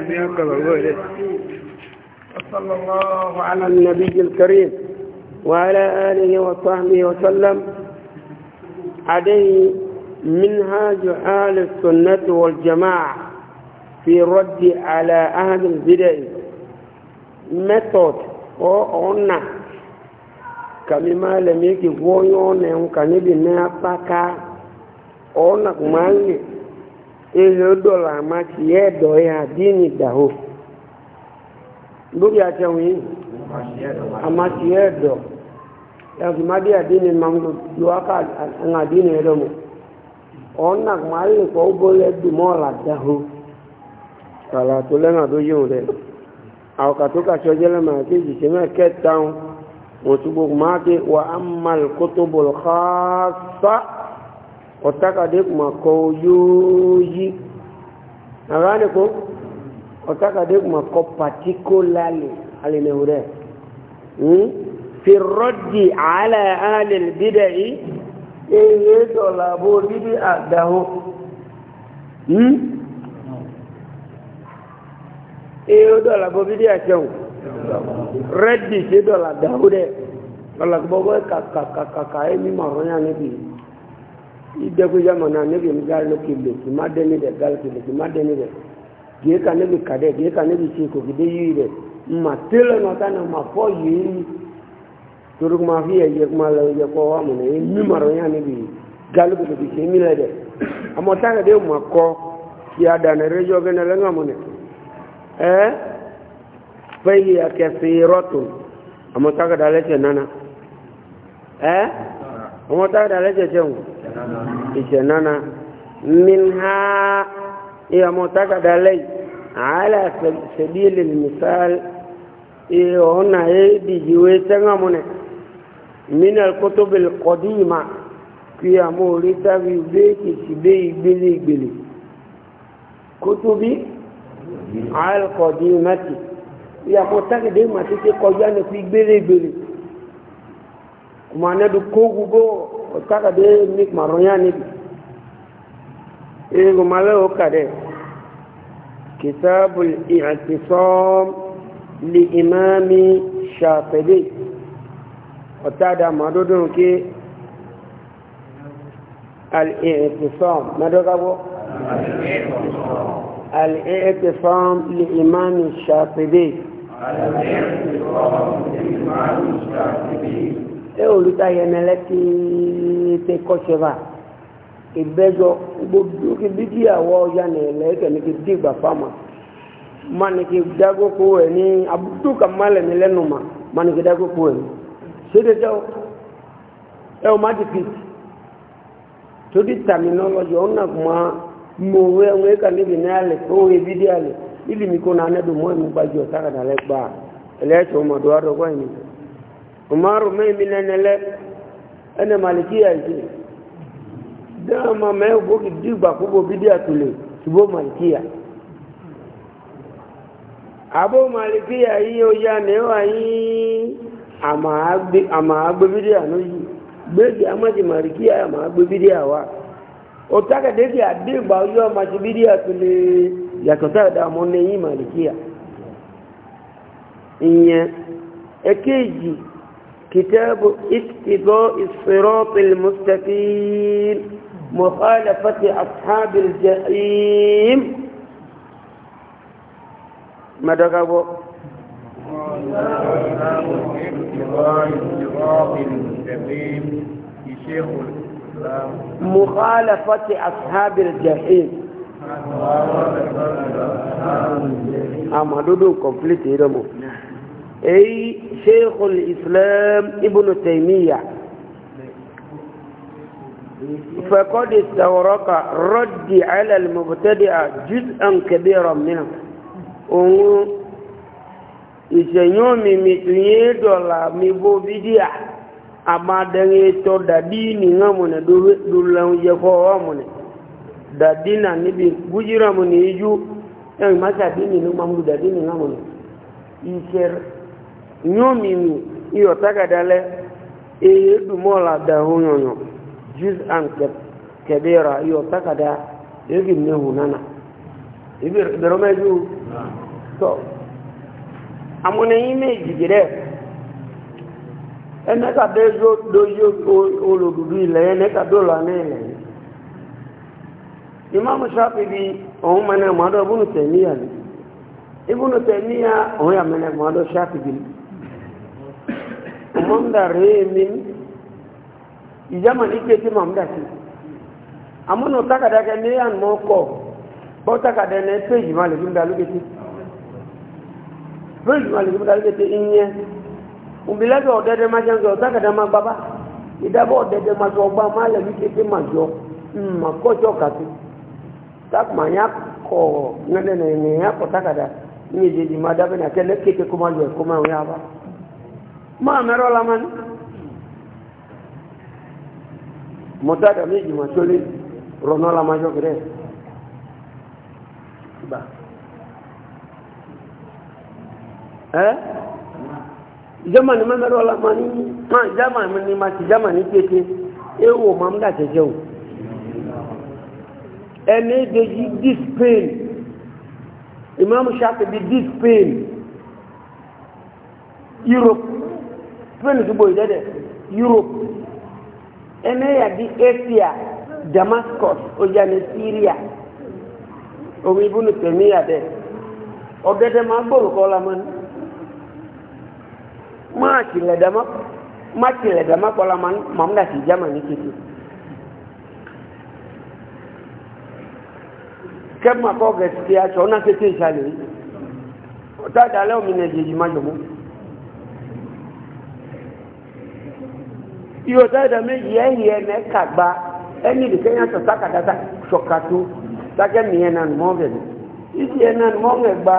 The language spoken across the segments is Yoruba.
وصلى الله على النبي الكريم وعلى آله وصحبه وسلم عليه منهاج أهل السنة والجماعة في رد على أهل البدع method or honor kami malami ki goyo ne un kanibi ne apaka ona ihe dọ́là àmàkì ẹ̀dọ̀ ya dínì dàhó lórí àtẹ̀wò yìí àmàkì ẹ̀dọ̀ yàtò má dé àdínì mango lọ́wọ́kà àwọn àdínì ẹ̀dọ̀ mọ̀ ọ̀nà máa lè kọ́ bọ́lẹ̀ dùmọ́ ọ̀là dàhó kàlà tó lẹ́nà tó yóò na àwòkà ọ̀tákàdé kùmọ̀kọ́ yóóyí àránìkó ọ̀tákàdé kùmọ̀kọ́ pàtíkólálì alìnàwòrẹ́ hmm? fi rọ́dì àálẹ̀ alìl bídẹ̀ yìí èyí tọ̀lá bó bídí àdáhùn èyí hmm? tọ̀lá bó bídí àṣẹ̀wò rẹ́dì ṣe tọ̀lá dáhùn dẹ̀ tọ̀lá gbogbo kàkàkàkà ẹ̀mí mọ̀rọ̀ yá níbi yìí idẹ́kú yamọ̀ náà níbi gáàrí ló kìlè kì má dé níbẹ̀ gáàrí kìlè kì má dé níbẹ̀ gèé ka níbi kàdẹ́ gèé ka níbi tse kò kìdé yìí rẹ̀ mà télè náà tánà mà fọ́ yìí torí kuma fi yẹ yẹ kuma lọ yẹ kọ́ wa mọ̀ náà mi màrọ̀ yà níbi gáàrí kìlè kì mi lẹ̀ dẹ̀ àmọ́ táyà dé mà kọ́ kì á dànù rẹ̀ yọ gẹ́nà lẹ́nu àmọ́ nẹ̀ ẹ́ fẹ́yì akẹ́sì rọ́tò àmọ́ táyà dà lẹ́sẹ̀ nánà ẹ́ àmọ́ táyà dà lẹ́sẹ̀ tẹ̀ wọ́n. إشنانا منها هي معتقد عليه على سبيل المثال هنا يدي جويتنا من من الكتب القديمة في أموريتا في بيتي سبي بلي بلي كتب على القديمة يا معتقد ما تيجي قيان في بلي بلي ما ندو كوغو otaka de mik maronyani ego maleo kade kitabu al-i'tisam li imami shafi'i otada madodun ki al-i'tisam madogabo al-i'tisam li imami shafi'i al-i'tisam li imami shafi'i e oluta yenele ti te kɔtsɛba ìbɛzɔ gbogbo kibidi awɔ ya ne lɛ eke ne ke di gbafa ma ma ne ke dago ni abudu kama le ne lɛ ma ma ne ke dago ko wɛ ni sedetɛ o ɛ o ma di fit todi terminology ɔna kuma mowɛ ŋun eka ne bi n'ale ko ebidi ale ilimi ko na ne do mɔ emu gbadzɔ saka na lɛ gba ɛlɛ tso ma do adɔ kɔ ni umaru mẹ́mi lẹ́nẹ̀lẹ́ ẹnẹ màlìkí àìsí dáàmà mẹ́wọ́ bókì dìgbà púpọ̀ bídí àtúlẹ̀ ṣùgbọ́ màlìkí à àbó màlìkí à yí oyá níwà yí àmà àgbé bídí àná yí gbégi amájì màlìkí à àmà àgbé bídí àwa òtákàdékì àdégbà oyó ọmọ àti bídí àtúlẹ̀ yàtọ̀ sáàdà àmọ́ nẹ́yìn màlìkí à ìyẹn èkejì كتاب اقتضاء الصراط المستقيم مخالفة أصحاب الجحيم ماذا قالوا؟ مخالفة أصحاب الجحيم أما آه، دودو كمبليت هيدمو أي شيخ الإسلام ابن تيمية فقد استورق رد على المبتدع جزءا كبيرا منه ìṣẹ̀yọ́mì mìtìyẹ́ dọ̀là mìbò bídíà àmàdẹ̀rẹ̀ tọ́ dàdí nìyàn mùnẹ̀ dúrùlẹ̀un yẹfọ́ ọwọ́ mùnẹ̀ dàdí nà níbi gújíràmù ní ijú ẹ̀rìn máṣàdí nìyàn mùnẹ̀ dàdí nìyàn mùnẹ̀ ìṣẹ̀rẹ̀ nu iyɔ tagada lɛ eye dumɔ la da ho nyɔnyɔ jus an kɛbɛra iyɔ tagada egi ne ho nana ebi bɛrɛ na ju tɔ amune yi me dɛ ɛnɛ ka zo do olodudu yi lɛ ɛnɛ ka do la lɛ shafi bi ɔn mɛnɛ mɔdɔ ibunu tɛ niya ibunu tɛ niya ɔn mɛnɛ mɔdɔ shafi bi. mamda remin ijama ni ke ti mamda ti amono takada ke ne an mo ko bo takada ne page ma le gunda lu ke ti page ma le gunda ti inye umbila do dede ma jango takada ma baba idabo dede ma so gba ma le ke ti ma jo hmm, ma ko jo ka ti tak ma ya ko ngene ne ne ko takada ni je di ma da bena ke le ke ko ma jo ko ma ya ba máa mẹ́rọ lamọ́ ní mọ́tàdà méjì wọ́n tó lé rọ̀nà lamájọ́ gẹ́rẹ́ gbà ẹ́ germany mẹ́mẹ́rọ lamọ́ ní máa germany ní máa ti germany kéte éwò e máa ń dàtẹ́ jẹun ẹni dèjì dis pain imam shafi bi dis pain europe spain gbogbo ìdẹ́dẹ̀ europe ẹni di asia damascus ojani syria omi ibùnú tẹ̀mí àdẹ ọ̀gẹ́dẹ̀ máa gbòòrò kọ́ la mọ́ni máa tilẹ̀ dama máa tilẹ̀ dama kọ́ la mọ́ni láti germany kéde kẹ́pù máa kọ́ gẹ̀ẹ́sì tí a sọ ọ́ náà kéde ìsàlẹ̀ yìí ọ̀tá ìdálẹ́ òmìnira ìjèjì máa jọ̀ iyo dada meji yehi ene kagba eni di kenya to saka data shokatu saka ni ena nmonge ni isi ena nmonge gba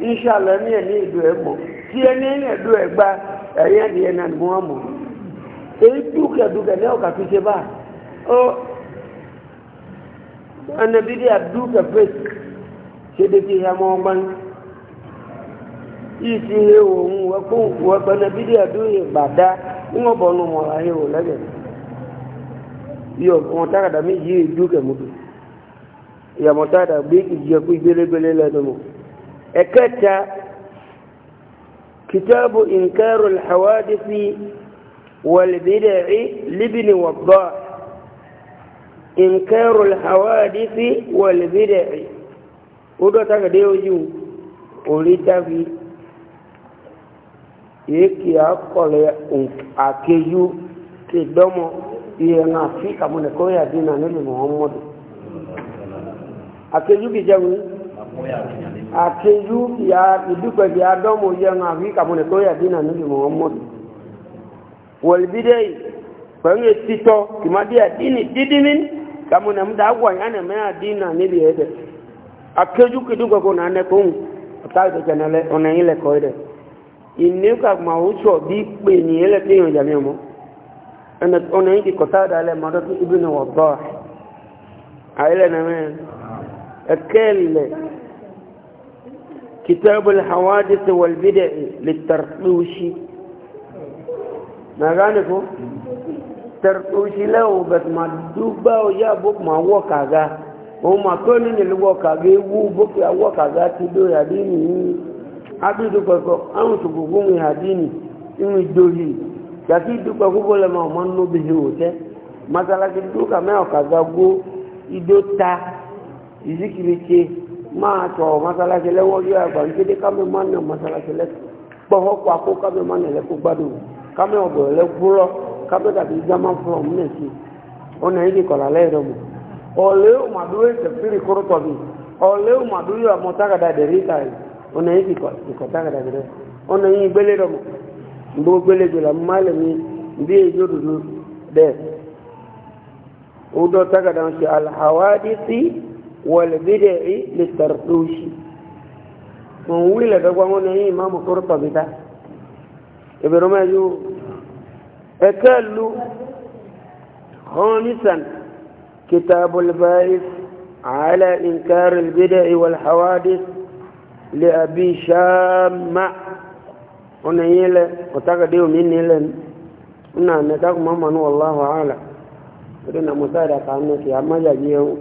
inshallah ni eni idu emo ti eni eni idu egba eya ni ena nmonge èyí dúkẹ dúkẹ ní ọkà fi ṣe báà ó ẹnẹbí dí àdúkẹ fèsì ṣe dé ti ya mọ ọgbọn yìí ti he òun wẹkùn wẹkùn ẹnẹbí dí àdúyè bàdá ŋo bɔnu mɔ ayi o lɛ gɛ yɔ mɔ tagada mi yi edu kɛ mo do yamɔ tagada gbe yɛ ko gbelegbele lɛ no mo ɛkɛta kitabu inkaru alhawadisi walbidaci libni wadaa inkaru alhawadisi walbidaci o dɔ tagada yɛ o yi yake akole akeyu kidomo yenga afika mune ko ya dina nili muhammad akeyu kijawi akeyu ya idukwe ya domo yenga afika mune ko ya dina nili muhammad wal bidai fange tito kimadi dini didimin kamune mda agwa yana mea dina nili ede akeyu kidukwe ko nane ko ta de janale onaile ko ede inne ka ma wucho bi pe ni ele eh, te yon jami mo ana ona yi ko ta da le ma do ibn wadah aile na men akelle kitab al hawadith wal bid'ah litarqushi na gane ko tarqushi law adúdúpẹ̀kọ́ àwọn tòkòkò ń hàdínì ń dòyì yàtí dúpẹ̀ púpọ̀ lẹ́mọ̀ ọmọ nínú obìnrin òtẹ́ masalasi dúkà mẹ́wàá kàgbàgbó idó ta ìzíkìrìkì máa tọ̀ masalasi lẹ́wọ́ yóò àgbà ń kéde kámẹ́ máa nà masalasi ma nɛ lɛ kó gba yi mo o ma firi bi o ma de ona yi kikɔ ikɔta ka dabi dɛ ona yi gbele dɔ mo gbogbo gbele do la ma le mi bi edzo dudu dɛ o dɔ ta ka dan se alihawadisi wɔlibi de i le taritosi mo n wuli le dɔgba ona yi ma mo koro tɔbi ta ebe dɔ ma yi o ɛkɛ lu hɔnisan kitaabul ala inkaari bidɛ iwal hawadisi lè àbí ṣáàmà ọ̀nà yìí lẹ ọ̀tàkàdé omi ní lẹ nínú àmì ẹ̀tàkùn mọ́mọ́ ní wọ́láhù ààlà lórí nà mọ́tà ìdàkà ní kì á má yàgbé ẹ̀hún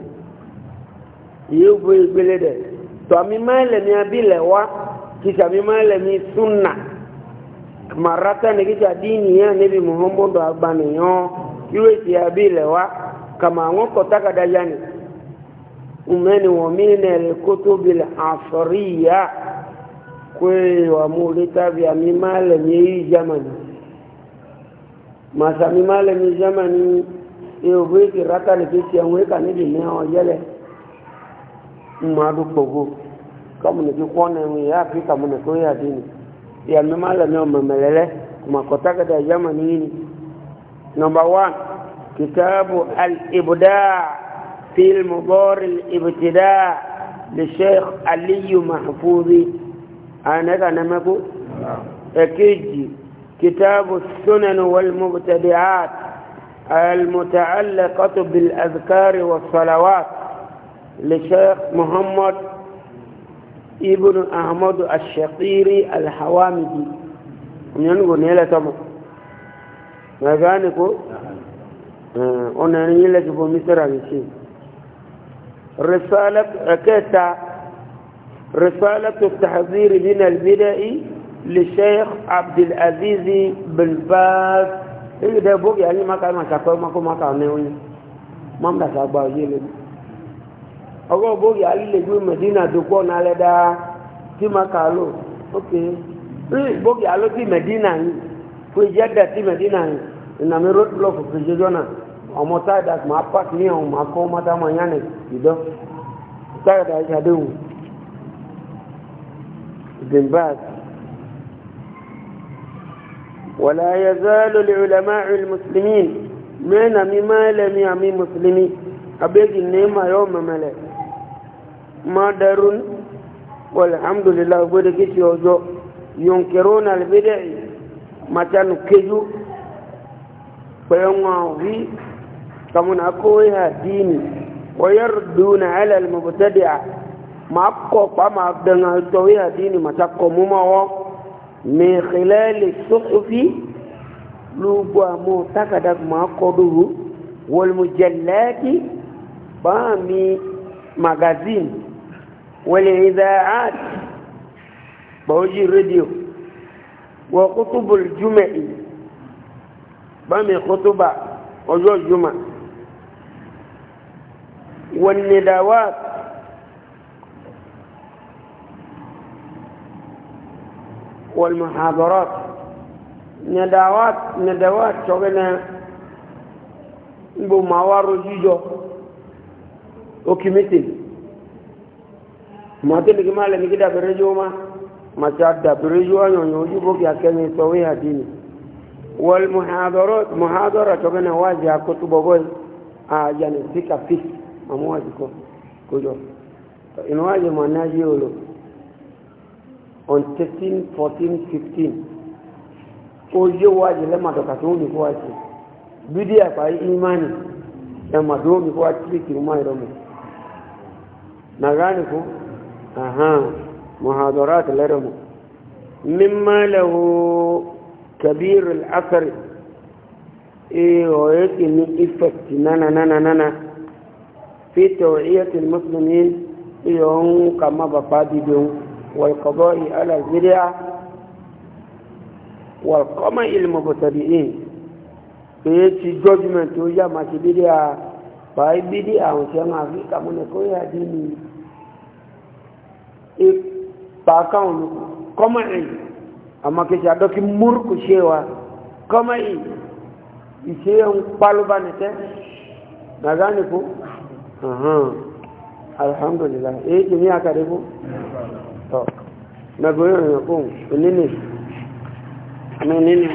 yìí ó bó ìgbélé dẹ̀ tọ́mí má lẹ̀mí abílẹ̀ wá kì sàmí má lẹ̀mí súnà màrátà ní kìsà díìnì yẹn níbi muhammadu ti abílẹ̀ wá kàmá àwọn kọ̀tàkàdá yá umeni wamine alkutubil asriya kwe wamulita vya mimalemi hii zamani masa mimalemi zamani iwiki rata nikisianwika nijimeo yele mmadu kpogo kamu nikikuona yapi kamu nikoya dini ya ni mimalemi omemelele kumakotagada zamani ni number one kitabu al-ibdaa في المضار الابتداء للشيخ علي محفوظي أنا انا ما نعم. أكيجي كتاب السنن والمبتدعات المتعلقة بالأذكار والصلوات لشيخ محمد ابن أحمد الشقيري الحوامدي ونقول نيلة تمو ما كانكو نعم. آه، أنا نيلة تبو مصر عن رسالة أكتا رسالة التحذير من البدع لشيخ عبد العزيز بن باز إيه ده بوجي يعني ما كان ما كان ما كان ما كان نوين ما مدا سابا يلي أقول بوجي علي لجوا مدينة دكوا نالدا تي ما كالو أوكي بوجي على تي مدينة في جدة تي مدينة إنما رود بلوف في جدونا ọmọ táyà dàgbà máa pàkì ní ẹ̀hún máa kọ́ mọ́tà máa yán ní ìdán táyà dàgbà ìṣàdéhùn zimbabwe. ولا يزال العلماء المسلمين من مما لم يعمي مسلمين أبيك النعمة يوم ملك مادرون والحمد لله بدك يوزو ينكرون البدع متى نكجو فيوم في kamun akoya dini wa yarduna ala al mubtadi'a ma ko pa ma danga to ya dini ma ta ko muma wo min khilal suhufi lugwa mo takada ma ko duru wal mujallati ba mi magazine wal idaat bawji radio wa kutubul jum'i ba mi khutuba ojo juma'a والندوات والمحاضرات ندوات ندوات شغلنا بموار جيجو وكمثل ما تلقي مالا كده برجو ما ما تعدى برجو أنا يوجبك يا كمي سويها ديني والمحاضرات محاضرة شغلنا واجهة كتب بوي آه يعني فيك mamoja kwa kujo inawaje mwanaji yule on 13 14 15 ojo waje lema dokatuni kwa achi bidii kwa imani ya madomi kwa achi kirumai romo na gani ko aha muhadarat laromo mimma lahu kabir al-athar eh oyeki ni effect nana nana nana في توعية المسلمين يوم كما بفادهم والقضاء على البدع والقمع المبتدئين في جوجمنت ويا ما بدع باي بدع وسمع في كمان كوي ديني باكاون قمع اما كي ادوكي مركو شيوا قمع يشيون بالبانته نغاني كو alhamdulillah èyí kì ní àkàrẹ́kù tọ́ mẹ́gbẹ̀rẹ̀ ìrìnkún onílè